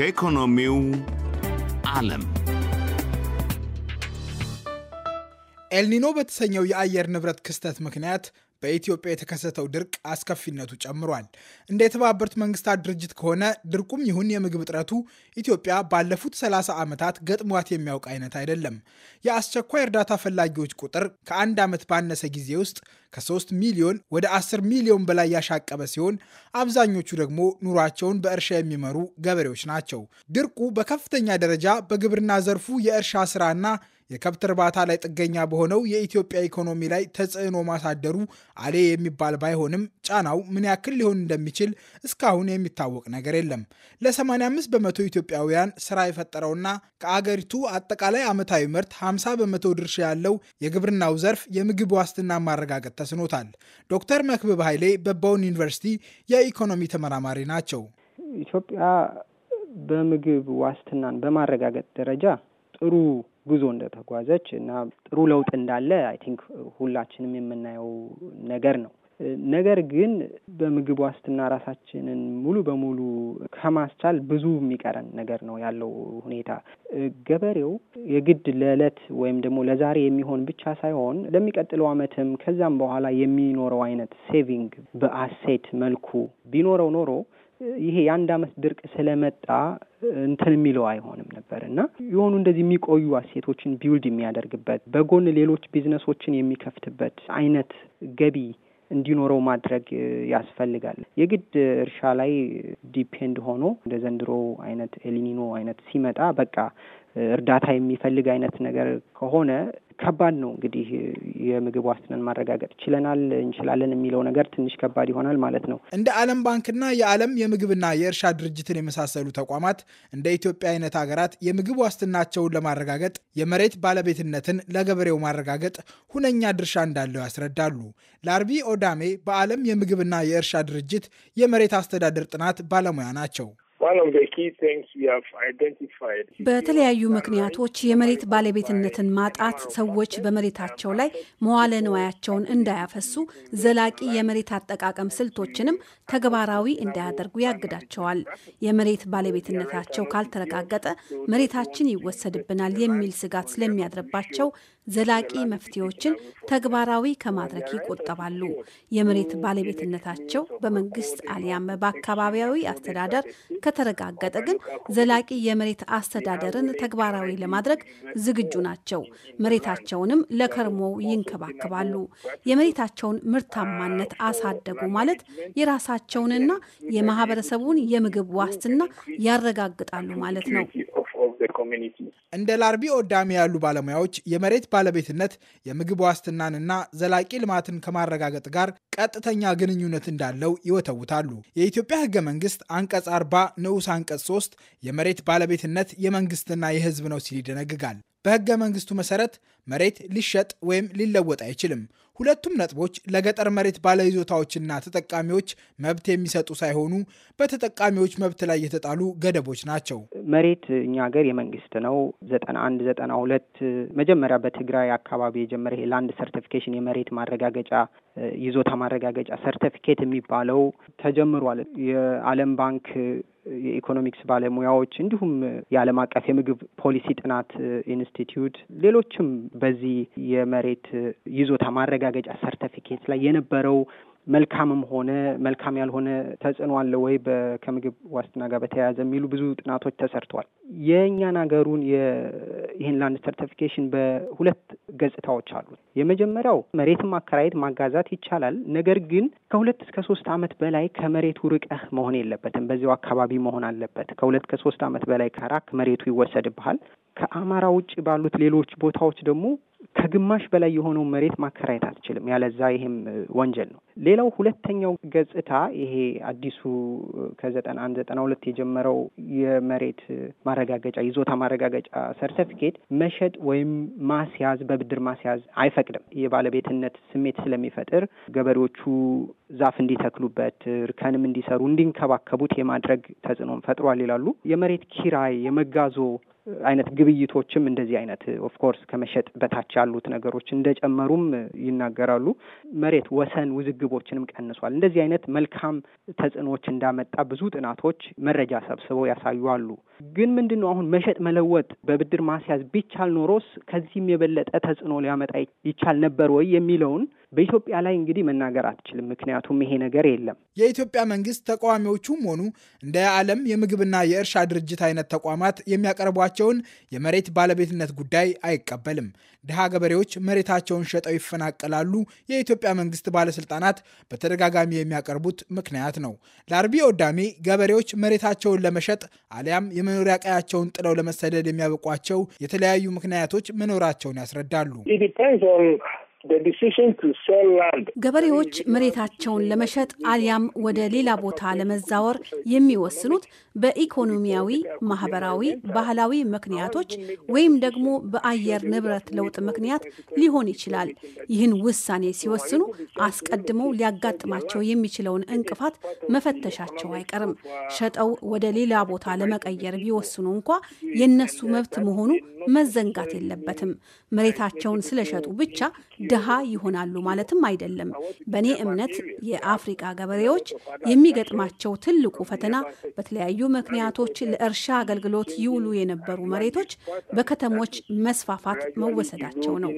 ከኢኮኖሚው ዓለም ኤልኒኖ በተሰኘው የአየር ንብረት ክስተት ምክንያት በኢትዮጵያ የተከሰተው ድርቅ አስከፊነቱ ጨምሯል። እንደ የተባበሩት መንግስታት ድርጅት ከሆነ ድርቁም ይሁን የምግብ እጥረቱ ኢትዮጵያ ባለፉት 30 ዓመታት ገጥሟት የሚያውቅ አይነት አይደለም። የአስቸኳይ እርዳታ ፈላጊዎች ቁጥር ከአንድ ዓመት ባነሰ ጊዜ ውስጥ ከ3 ሚሊዮን ወደ 10 ሚሊዮን በላይ ያሻቀበ ሲሆን አብዛኞቹ ደግሞ ኑሯቸውን በእርሻ የሚመሩ ገበሬዎች ናቸው። ድርቁ በከፍተኛ ደረጃ በግብርና ዘርፉ የእርሻ ስራና የከብት እርባታ ላይ ጥገኛ በሆነው የኢትዮጵያ ኢኮኖሚ ላይ ተጽዕኖ ማሳደሩ አሌ የሚባል ባይሆንም ጫናው ምን ያክል ሊሆን እንደሚችል እስካሁን የሚታወቅ ነገር የለም። ለ85 በመቶ ኢትዮጵያውያን ስራ የፈጠረውና ከአገሪቱ አጠቃላይ ዓመታዊ ምርት 50 በመቶ ድርሻ ያለው የግብርናው ዘርፍ የምግብ ዋስትና ማረጋገጥ ተስኖታል። ዶክተር መክብብ ኃይሌ በቦን ዩኒቨርሲቲ የኢኮኖሚ ተመራማሪ ናቸው። ኢትዮጵያ በምግብ ዋስትናን በማረጋገጥ ደረጃ ጥሩ ጉዞ እንደተጓዘች እና ጥሩ ለውጥ እንዳለ አይ ቲንክ ሁላችንም የምናየው ነገር ነው። ነገር ግን በምግብ ዋስትና ራሳችንን ሙሉ በሙሉ ከማስቻል ብዙ የሚቀረን ነገር ነው ያለው ሁኔታ። ገበሬው የግድ ለዕለት ወይም ደግሞ ለዛሬ የሚሆን ብቻ ሳይሆን ለሚቀጥለው ዓመትም ከዛም በኋላ የሚኖረው አይነት ሴቪንግ በአሴት መልኩ ቢኖረው ኖሮ ይሄ የአንድ አመት ድርቅ ስለመጣ እንትን የሚለው አይሆንም ነበር እና የሆኑ እንደዚህ የሚቆዩ አሴቶችን ቢውልድ የሚያደርግበት በጎን ሌሎች ቢዝነሶችን የሚከፍትበት አይነት ገቢ እንዲኖረው ማድረግ ያስፈልጋል። የግድ እርሻ ላይ ዲፔንድ ሆኖ እንደ ዘንድሮ አይነት ኤሊኒኖ አይነት ሲመጣ በቃ እርዳታ የሚፈልግ አይነት ነገር ከሆነ ከባድ ነው እንግዲህ የምግብ ዋስትናን ማረጋገጥ ችለናል እንችላለን የሚለው ነገር ትንሽ ከባድ ይሆናል ማለት ነው። እንደ ዓለም ባንክና የዓለም የምግብና የእርሻ ድርጅትን የመሳሰሉ ተቋማት እንደ ኢትዮጵያ አይነት ሀገራት የምግብ ዋስትናቸውን ለማረጋገጥ የመሬት ባለቤትነትን ለገበሬው ማረጋገጥ ሁነኛ ድርሻ እንዳለው ያስረዳሉ። ላርቢ ኦዳሜ በዓለም የምግብና የእርሻ ድርጅት የመሬት አስተዳደር ጥናት ባለሙያ ናቸው። በተለያዩ ምክንያቶች የመሬት ባለቤትነትን ማጣት ሰዎች በመሬታቸው ላይ መዋለ ንዋያቸውን እንዳያፈሱ ዘላቂ የመሬት አጠቃቀም ስልቶችንም ተግባራዊ እንዳያደርጉ ያግዳቸዋል። የመሬት ባለቤትነታቸው ካልተረጋገጠ መሬታችን ይወሰድብናል የሚል ስጋት ስለሚያድርባቸው ዘላቂ መፍትሄዎችን ተግባራዊ ከማድረግ ይቆጠባሉ። የመሬት ባለቤትነታቸው በመንግስት አሊያም በአካባቢያዊ አስተዳደር ከተረጋገጠ ግን ዘላቂ የመሬት አስተዳደርን ተግባራዊ ለማድረግ ዝግጁ ናቸው። መሬታቸውንም ለከርሞው ይንከባከባሉ። የመሬታቸውን ምርታማነት አሳደጉ ማለት የራሳቸውንና የማህበረሰቡን የምግብ ዋስትና ያረጋግጣሉ ማለት ነው። እንደ ላርቢ ኦዳሚ ያሉ ባለሙያዎች የመሬት ባለቤትነት የምግብ ዋስትናንና ዘላቂ ልማትን ከማረጋገጥ ጋር ቀጥተኛ ግንኙነት እንዳለው ይወተውታሉ። የኢትዮጵያ ህገ መንግስት አንቀጽ 40 ንዑስ አንቀጽ 3 የመሬት ባለቤትነት የመንግስትና የህዝብ ነው ሲል ይደነግጋል። በህገ መንግስቱ መሰረት መሬት ሊሸጥ ወይም ሊለወጥ አይችልም። ሁለቱም ነጥቦች ለገጠር መሬት ባለይዞታዎችና ተጠቃሚዎች መብት የሚሰጡ ሳይሆኑ በተጠቃሚዎች መብት ላይ የተጣሉ ገደቦች ናቸው። መሬት እኛ ሀገር የመንግስት ነው። ዘጠና አንድ ዘጠና ሁለት መጀመሪያ በትግራይ አካባቢ የጀመረ ይሄ ሰርቲፊኬሽን የመሬት ማረጋገጫ ይዞታ ማረጋገጫ ሰርቲፊኬት የሚባለው ተጀምሯል። የዓለም ባንክ የኢኮኖሚክስ ባለሙያዎች እንዲሁም የዓለም አቀፍ የምግብ ፖሊሲ ጥናት ኢንስቲትዩት ሌሎችም በዚህ የመሬት ይዞታ ማረጋገጫ ሰርተፊኬት ላይ የነበረው መልካምም ሆነ መልካም ያልሆነ ተጽዕኖ አለ ወይ ከምግብ ዋስትና ጋር በተያያዘ የሚሉ ብዙ ጥናቶች ተሰርተዋል። የእኛን ሀገሩን ይህን ላንድ ሰርቲፊኬሽን በሁለት ገጽታዎች አሉት። የመጀመሪያው መሬትን ማከራየት ማጋዛት ይቻላል። ነገር ግን ከሁለት እስከ ሶስት ዓመት በላይ ከመሬቱ ርቀህ መሆን የለበትም። በዚያው አካባቢ መሆን አለበት። ከሁለት ከሶስት ዓመት በላይ ከራክ መሬቱ ይወሰድብሃል። ከአማራ ውጭ ባሉት ሌሎች ቦታዎች ደግሞ ከግማሽ በላይ የሆነው መሬት ማከራየት አትችልም። ያለዛ ይሄም ወንጀል ነው። ሌላው ሁለተኛው ገጽታ ይሄ አዲሱ ከዘጠና አንድ ዘጠና ሁለት የጀመረው የመሬት ማረጋገጫ ይዞታ ማረጋገጫ ሰርተፊኬት መሸጥ ወይም ማስያዝ በብድር ማስያዝ አይፈቅድም። የባለቤትነት ስሜት ስለሚፈጥር ገበሬዎቹ ዛፍ እንዲተክሉበት፣ እርከንም እንዲሰሩ፣ እንዲንከባከቡት የማድረግ ተጽዕኖም ፈጥሯል ይላሉ። የመሬት ኪራይ፣ የመጋዞ አይነት ግብይቶችም እንደዚህ አይነት ኦፍኮርስ ከመሸጥ በታች ያሉት ነገሮች እንደጨመሩም ይናገራሉ። መሬት ወሰን ውዝግቦችንም ቀንሷል። እንደዚህ አይነት መልካም ተጽዕኖዎች እንዳመጣ ብዙ ጥናቶች መረጃ ሰብስበው ያሳዩአሉ። ግን ምንድን ነው አሁን መሸጥ መለወጥ በብድር ማስያዝ ቢቻል ኖሮስ ከዚህም የበለጠ ተጽዕኖ ሊያመጣ ይቻል ነበር ወይ የሚለውን በኢትዮጵያ ላይ እንግዲህ መናገር አትችልም፣ ምክንያቱም ይሄ ነገር የለም። የኢትዮጵያ መንግስት ተቃዋሚዎቹም ሆኑ እንደ ዓለም የምግብና የእርሻ ድርጅት አይነት ተቋማት የሚያቀርቧቸውን የመሬት ባለቤትነት ጉዳይ አይቀበልም። ድሃ ገበሬዎች መሬታቸውን ሸጠው ይፈናቀላሉ፣ የኢትዮጵያ መንግስት ባለስልጣናት በተደጋጋሚ የሚያቀርቡት ምክንያት ነው። ለአርቢ ወዳሜ ገበሬዎች መሬታቸውን ለመሸጥ አሊያም የመኖሪያ ቀያቸውን ጥለው ለመሰደድ የሚያበቋቸው የተለያዩ ምክንያቶች መኖራቸውን ያስረዳሉ። ገበሬዎች መሬታቸውን ለመሸጥ አሊያም ወደ ሌላ ቦታ ለመዛወር የሚወስኑት በኢኮኖሚያዊ፣ ማህበራዊ፣ ባህላዊ ምክንያቶች ወይም ደግሞ በአየር ንብረት ለውጥ ምክንያት ሊሆን ይችላል። ይህን ውሳኔ ሲወስኑ አስቀድመው ሊያጋጥማቸው የሚችለውን እንቅፋት መፈተሻቸው አይቀርም። ሸጠው ወደ ሌላ ቦታ ለመቀየር ቢወስኑ እንኳ የነሱ መብት መሆኑ መዘንጋት የለበትም። መሬታቸውን ስለሸጡ ብቻ ድሃ ይሆናሉ ማለትም አይደለም። በእኔ እምነት የአፍሪቃ ገበሬዎች የሚገጥማቸው ትልቁ ፈተና በተለያዩ ምክንያቶች ለእርሻ አገልግሎት ይውሉ የነበሩ መሬቶች በከተሞች መስፋፋት መወሰዳቸው ነው።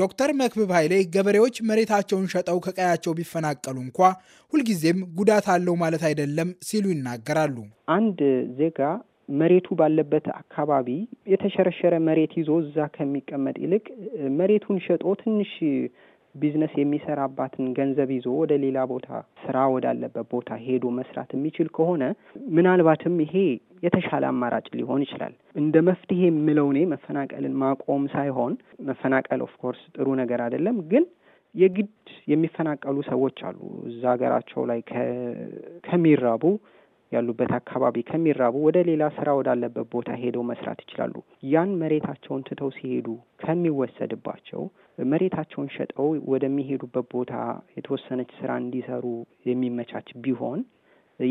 ዶክተር መክብብ ኃይሌ ገበሬዎች መሬታቸውን ሸጠው ከቀያቸው ቢፈናቀሉ እንኳ ሁልጊዜም ጉዳት አለው ማለት አይደለም ሲሉ ይናገራሉ። አንድ ዜጋ መሬቱ ባለበት አካባቢ የተሸረሸረ መሬት ይዞ እዛ ከሚቀመጥ ይልቅ መሬቱን ሸጦ ትንሽ ቢዝነስ የሚሰራባትን ገንዘብ ይዞ ወደ ሌላ ቦታ ስራ ወዳለበት ቦታ ሄዶ መስራት የሚችል ከሆነ ምናልባትም ይሄ የተሻለ አማራጭ ሊሆን ይችላል። እንደ መፍትሄ የምለው እኔ መፈናቀልን ማቆም ሳይሆን መፈናቀል ኦፍ ኮርስ ጥሩ ነገር አይደለም፣ ግን የግድ የሚፈናቀሉ ሰዎች አሉ እዛ ሀገራቸው ላይ ከሚራቡ ያሉበት አካባቢ ከሚራቡ ወደ ሌላ ስራ ወዳለበት ቦታ ሄደው መስራት ይችላሉ። ያን መሬታቸውን ትተው ሲሄዱ ከሚወሰድባቸው መሬታቸውን ሸጠው ወደሚሄዱበት ቦታ የተወሰነች ስራ እንዲሰሩ የሚመቻች ቢሆን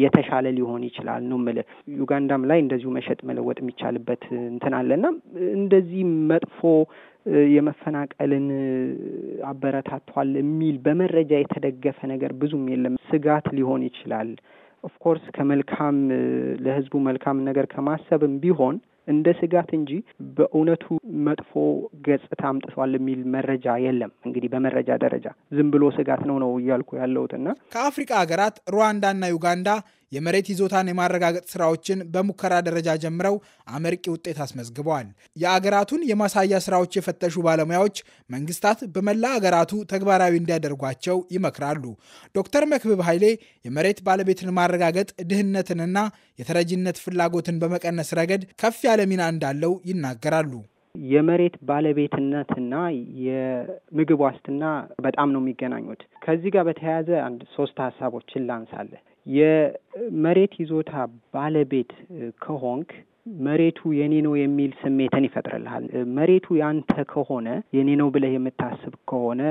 የተሻለ ሊሆን ይችላል ነው ምል ዩጋንዳም ላይ እንደዚሁ መሸጥ መለወጥ የሚቻልበት እንትን አለና እንደዚህ መጥፎ የመፈናቀልን አበረታቷል የሚል በመረጃ የተደገፈ ነገር ብዙም የለም። ስጋት ሊሆን ይችላል። ኦፍኮርስ ከመልካም ለህዝቡ መልካም ነገር ከማሰብም ቢሆን እንደ ስጋት እንጂ በእውነቱ መጥፎ ገጽታ አምጥቷል የሚል መረጃ የለም። እንግዲህ በመረጃ ደረጃ ዝም ብሎ ስጋት ነው ነው እያልኩ ያለውትና ከአፍሪካ ሀገራት ሩዋንዳና ዩጋንዳ የመሬት ይዞታን የማረጋገጥ ስራዎችን በሙከራ ደረጃ ጀምረው አመርቂ ውጤት አስመዝግበዋል። የአገራቱን የማሳያ ስራዎች የፈተሹ ባለሙያዎች መንግስታት በመላ አገራቱ ተግባራዊ እንዲያደርጓቸው ይመክራሉ። ዶክተር መክብብ ኃይሌ የመሬት ባለቤትን ማረጋገጥ ድህነትንና የተረጂነት ፍላጎትን በመቀነስ ረገድ ከፍ ያለ ሚና እንዳለው ይናገራሉ። የመሬት ባለቤትነትና የምግብ ዋስትና በጣም ነው የሚገናኙት። ከዚህ ጋር በተያያዘ አንድ ሶስት ሀሳቦችን ላንሳለህ። የመሬት ይዞታ ባለቤት ከሆንክ መሬቱ የኔ ነው የሚል ስሜትን ይፈጥርልሃል። መሬቱ ያንተ ከሆነ የኔ ነው ብለህ የምታስብ ከሆነ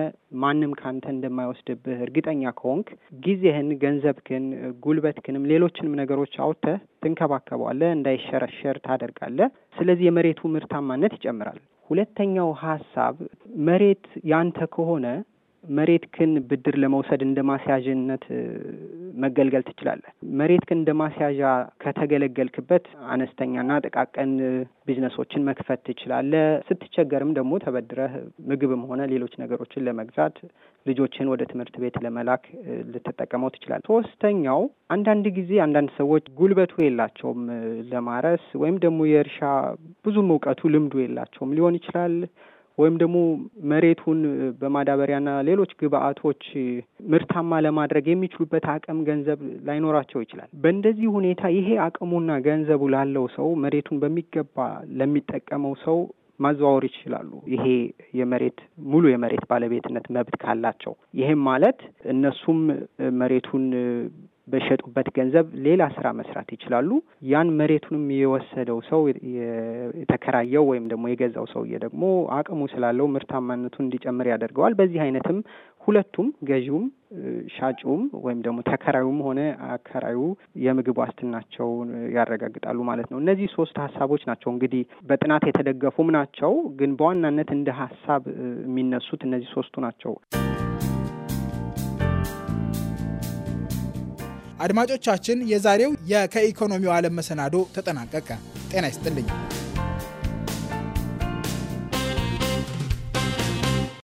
ማንም ካንተ እንደማይወስድብህ እርግጠኛ ከሆንክ ጊዜህን፣ ገንዘብክን ጉልበትክንም ሌሎችንም ነገሮች አውጥተህ ትንከባከበዋለህ፣ እንዳይሸረሸር ታደርጋለህ። ስለዚህ የመሬቱ ምርታማነት ይጨምራል። ሁለተኛው ሀሳብ መሬት ያንተ ከሆነ መሬት ክን ብድር ለመውሰድ እንደ ማስያዥነት መገልገል ትችላለህ። መሬት ክን እንደ ማስያዣ ከተገለገልክበት አነስተኛና ጥቃቅን ቢዝነሶችን መክፈት ትችላለህ። ስትቸገርም ደግሞ ተበድረህ ምግብም ሆነ ሌሎች ነገሮችን ለመግዛት ልጆችን ወደ ትምህርት ቤት ለመላክ ልትጠቀመው ትችላል። ሶስተኛው አንዳንድ ጊዜ አንዳንድ ሰዎች ጉልበቱ የላቸውም ለማረስ ወይም ደግሞ የእርሻ ብዙም እውቀቱ ልምዱ የላቸውም ሊሆን ይችላል ወይም ደግሞ መሬቱን በማዳበሪያና ሌሎች ግብአቶች ምርታማ ለማድረግ የሚችሉበት አቅም ገንዘብ ላይኖራቸው ይችላል። በእንደዚህ ሁኔታ ይሄ አቅሙና ገንዘቡ ላለው ሰው መሬቱን በሚገባ ለሚጠቀመው ሰው ማዘዋወር ይችላሉ። ይሄ የመሬት ሙሉ የመሬት ባለቤትነት መብት ካላቸው ይህም ማለት እነሱም መሬቱን በሸጡበት ገንዘብ ሌላ ስራ መስራት ይችላሉ። ያን መሬቱንም የወሰደው ሰው የተከራየው ወይም ደግሞ የገዛው ሰውዬ ደግሞ አቅሙ ስላለው ምርታማነቱን እንዲጨምር ያደርገዋል። በዚህ አይነትም ሁለቱም ገዢውም ሻጩም ወይም ደግሞ ተከራዩም ሆነ አከራዩ የምግብ ዋስትናቸውን ያረጋግጣሉ ማለት ነው። እነዚህ ሶስት ሀሳቦች ናቸው እንግዲህ በጥናት የተደገፉም ናቸው፣ ግን በዋናነት እንደ ሀሳብ የሚነሱት እነዚህ ሶስቱ ናቸው። አድማጮቻችን፣ የዛሬው የከኢኮኖሚው ዓለም መሰናዶ ተጠናቀቀ። ጤና ይስጥልኝ።